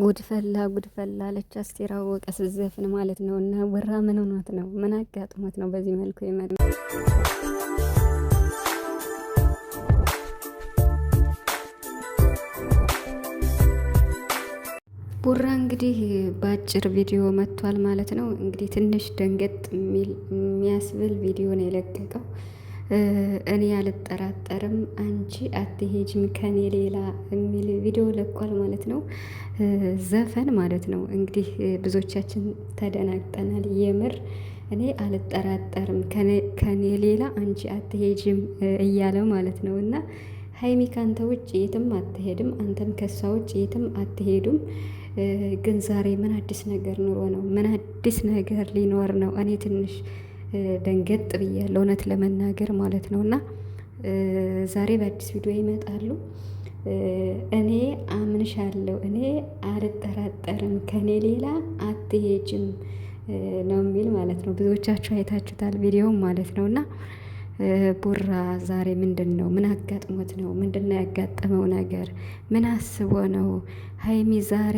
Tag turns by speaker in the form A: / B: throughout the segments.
A: ጉድፈላ ጉድፈላ አለች አስቴር አወቀ ስትዘፍን ማለት ነው። እና ወራ ምን ሆኗት ነው? ምን አጋጥሞት ነው በዚህ መልኩ ይመጣ? ቡራ እንግዲህ በአጭር ቪዲዮ መጥቷል ማለት ነው። እንግዲህ ትንሽ ደንገጥ የሚያስብል ቪዲዮ ነው የለቀቀው። እኔ አልጠራጠርም አንቺ አትሄጅም ከኔ ሌላ የሚል ቪዲዮ ለቋል ማለት ነው። ዘፈን ማለት ነው እንግዲህ ብዙዎቻችን ተደናግጠናል። የምር እኔ አልጠራጠርም ከኔ ሌላ አንቺ አትሄጅም እያለ ማለት ነው እና ሀይሚ ካንተ ውጭ የትም አትሄድም፣ አንተም ከሷ ውጭ የትም አትሄዱም። ግን ዛሬ ምን አዲስ ነገር ኑሮ ነው? ምን አዲስ ነገር ሊኖር ነው? እኔ ትንሽ ደንገጥ ብያለሁ እውነት ለመናገር ማለት ነው። እና ዛሬ በአዲስ ቪዲዮ ይመጣሉ። እኔ አምንሻለሁ፣ እኔ አልጠራጠርም፣ ከኔ ሌላ አትሄጅም ነው የሚል ማለት ነው። ብዙዎቻችሁ አይታችሁታል ቪዲዮም ማለት ነው እና ቡራ ዛሬ ምንድን ነው? ምን አጋጥሞት ነው? ምንድን ነው ያጋጠመው ነገር? ምን አስቦ ነው? ሀይሚ ዛሬ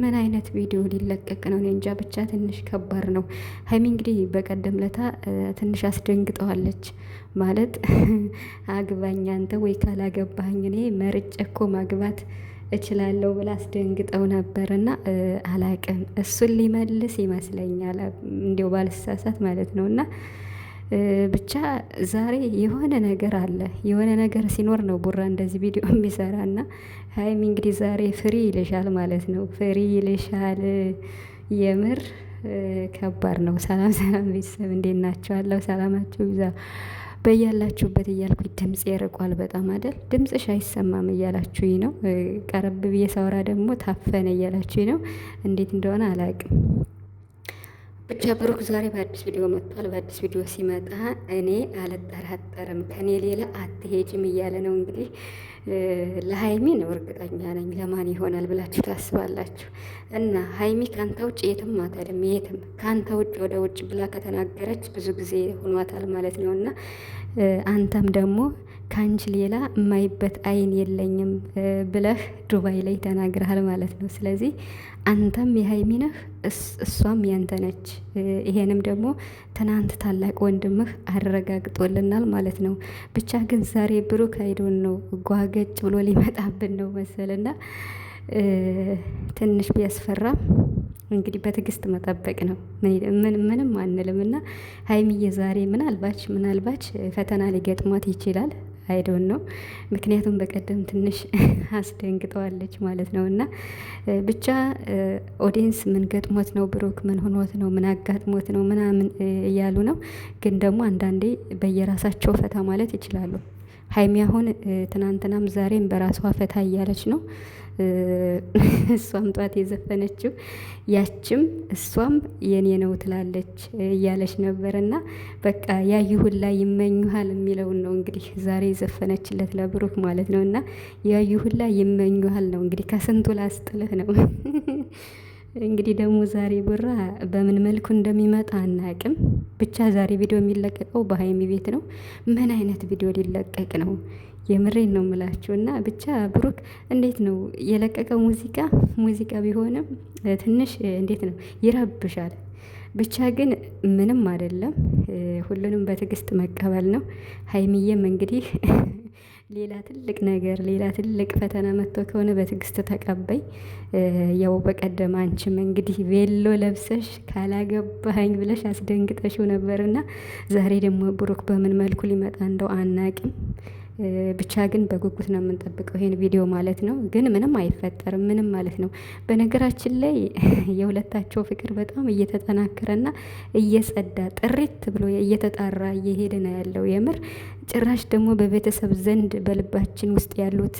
A: ምን አይነት ቪዲዮ ሊለቀቅ ነው? እኔ እንጃ ብቻ ትንሽ ከባድ ነው። ሀይሚ እንግዲህ በቀደም ለታ ትንሽ አስደንግጠዋለች። ማለት አግባኝ አንተ ወይ ካላገባኝ እኔ መርጬ እኮ ማግባት እችላለሁ ብላ አስደንግጠው ነበር። እና አላቅም እሱን ሊመልስ ይመስለኛል እንዲው ባልሳሳት ማለት ነው እና ብቻ ዛሬ የሆነ ነገር አለ። የሆነ ነገር ሲኖር ነው ቡራ እንደዚህ ቪዲዮ የሚሰራ እና ሀይሚ እንግዲህ ዛሬ ፍሪ ይልሻል ማለት ነው። ፍሪ ይልሻል የምር ከባድ ነው። ሰላም ሰላም ቤተሰብ እንዴት ናቸዋለሁ? ሰላማችሁ ይዛ በያላችሁበት እያልኩኝ ድምጽ የርቋል በጣም አይደል? ድምጽሽ አይሰማም እያላችሁኝ ነው። ቀረብ ብዬ ሳውራ ደግሞ ታፈነ እያላችሁኝ ነው። እንዴት እንደሆነ አላውቅም። ብቻ ብሩክ ዛሬ በአዲስ ቪዲዮ መጥቷል። በአዲስ ቪዲዮ ሲመጣ እኔ አልጠራጠርም ከኔ ሌላ አትሄጅም እያለ ነው እንግዲህ ለሀይሚ ነው እርግጠኛ ነኝ። ለማን ይሆናል ብላችሁ ታስባላችሁ? እና ሀይሚ ከአንተ ውጭ የትም አታድም፣ የትም ከአንተ ውጭ ወደ ውጭ ብላ ከተናገረች ብዙ ጊዜ ሆኗታል ማለት ነው እና አንተም ደግሞ ከአንቺ ሌላ የማይበት አይን የለኝም ብለህ ዱባይ ላይ ተናግረሃል ማለት ነው። ስለዚህ አንተም የሀይሚ ነህ፣ እሷም ያንተ ነች። ይሄንም ደግሞ ትናንት ታላቅ ወንድምህ አረጋግጦልናል ማለት ነው። ብቻ ግን ዛሬ ብሩክ አይዶን ነው ጓገጭ ብሎ ሊመጣብን ነው መሰልና ትንሽ ቢያስፈራ እንግዲህ በትዕግስት መጠበቅ ነው። ምንም አንልም እና ሀይሚዬ ዛሬ ምናልባች ምናልባች ፈተና ሊገጥሟት ይችላል። አይዶን ነው። ምክንያቱም በቀደም ትንሽ አስደንግጠዋለች ማለት ነው። እና ብቻ ኦዲንስ ምን ገጥሞት ነው ብሩክ ምን ሆኖት ነው ምን አጋጥሞት ነው ምናምን እያሉ ነው። ግን ደግሞ አንዳንዴ በየራሳቸው ፈታ ማለት ይችላሉ። ሀይሚ አሁን ትናንትናም ዛሬም በራሷ ፈታ እያለች ነው። እሷም ጧት የዘፈነችው ያችም እሷም የኔ ነው ትላለች እያለች ነበር። እና በቃ ያዩሁላ ይመኙሃል የሚለውን ነው እንግዲህ ዛሬ የዘፈነችለት ለብሩክ ማለት ነው። እና ያዩሁላ ይመኙሃል ነው እንግዲህ ከስንቱ ላስጥልህ ነው እንግዲህ ደግሞ ዛሬ ቡራ በምን መልኩ እንደሚመጣ አናቅም። ብቻ ዛሬ ቪዲዮ የሚለቀቀው በሀይሚ ቤት ነው። ምን አይነት ቪዲዮ ሊለቀቅ ነው? የምሬን ነው የምላችሁ። እና ብቻ ብሩክ እንዴት ነው የለቀቀው? ሙዚቃ ሙዚቃ ቢሆንም ትንሽ እንዴት ነው ይረብሻል። ብቻ ግን ምንም አይደለም። ሁሉንም በትዕግስት መቀበል ነው። ሀይሚዬም እንግዲህ ሌላ ትልቅ ነገር ሌላ ትልቅ ፈተና መጥቶ ከሆነ በትዕግስት ተቀበይ። ያው በቀደም አንቺም እንግዲህ ቬሎ ለብሰሽ ካላገባኝ ብለሽ አስደንግጠሽው ነበርና ዛሬ ደግሞ ብሩክ በምን መልኩ ሊመጣ እንደው አናቂም። ብቻ ግን በጉጉት ነው የምንጠብቀው ይሄን ቪዲዮ ማለት ነው። ግን ምንም አይፈጠርም ምንም ማለት ነው። በነገራችን ላይ የሁለታቸው ፍቅር በጣም እየተጠናከረና እየጸዳ ጥሪት ብሎ እየተጣራ እየሄደ ነው ያለው። የምር ጭራሽ ደግሞ በቤተሰብ ዘንድ በልባችን ውስጥ ያሉት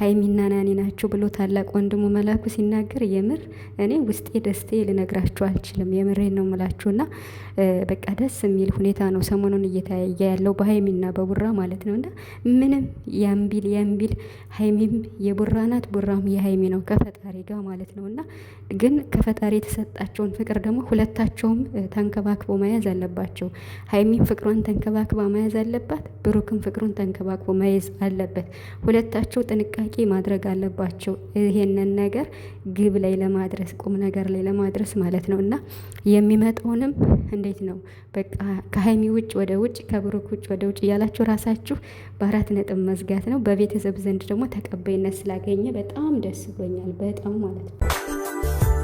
A: ሀይሚና ናኒ ናቸው ብሎ ታላቅ ወንድሙ መላኩ ሲናገር የምር እኔ ውስጤ ደስቴ ልነግራችሁ አልችልም። የምሬን ነው ምላችሁና በቃ ደስ የሚል ሁኔታ ነው ሰሞኑን እየተያየ ያለው በሀይሚና በቡራ ማለት ነው እና ምንም ያምቢል ያምቢል ሀይሚም የቡራ ናት፣ ቡራም የሀይሚ ነው ከፈጣሪ ጋር ማለት ነው። እና ግን ከፈጣሪ የተሰጣቸውን ፍቅር ደግሞ ሁለታቸውም ተንከባክቦ መያዝ አለባቸው። ሀይሚም ፍቅሯን ተንከባክባ መያዝ አለባት፣ ብሩክም ፍቅሩን ተንከባክቦ መያዝ አለበት። ሁለታቸው ጥንቃቄ ማድረግ አለባቸው። ይሄንን ነገር ግብ ላይ ለማድረስ ቁም ነገር ላይ ለማድረስ ማለት ነው እና የሚመጣውንም እንዴት ነው በቃ ከሀይሚ ውጭ ወደ ውጭ ከብሩክ ውጭ ወደ ውጭ እያላችሁ ራሳችሁ በአራት በአራት ነጥብ መዝጋት ነው። በቤተሰብ ዘንድ ደግሞ ተቀባይነት ስላገኘ በጣም ደስ ብሎኛል። በጣም ማለት ነው።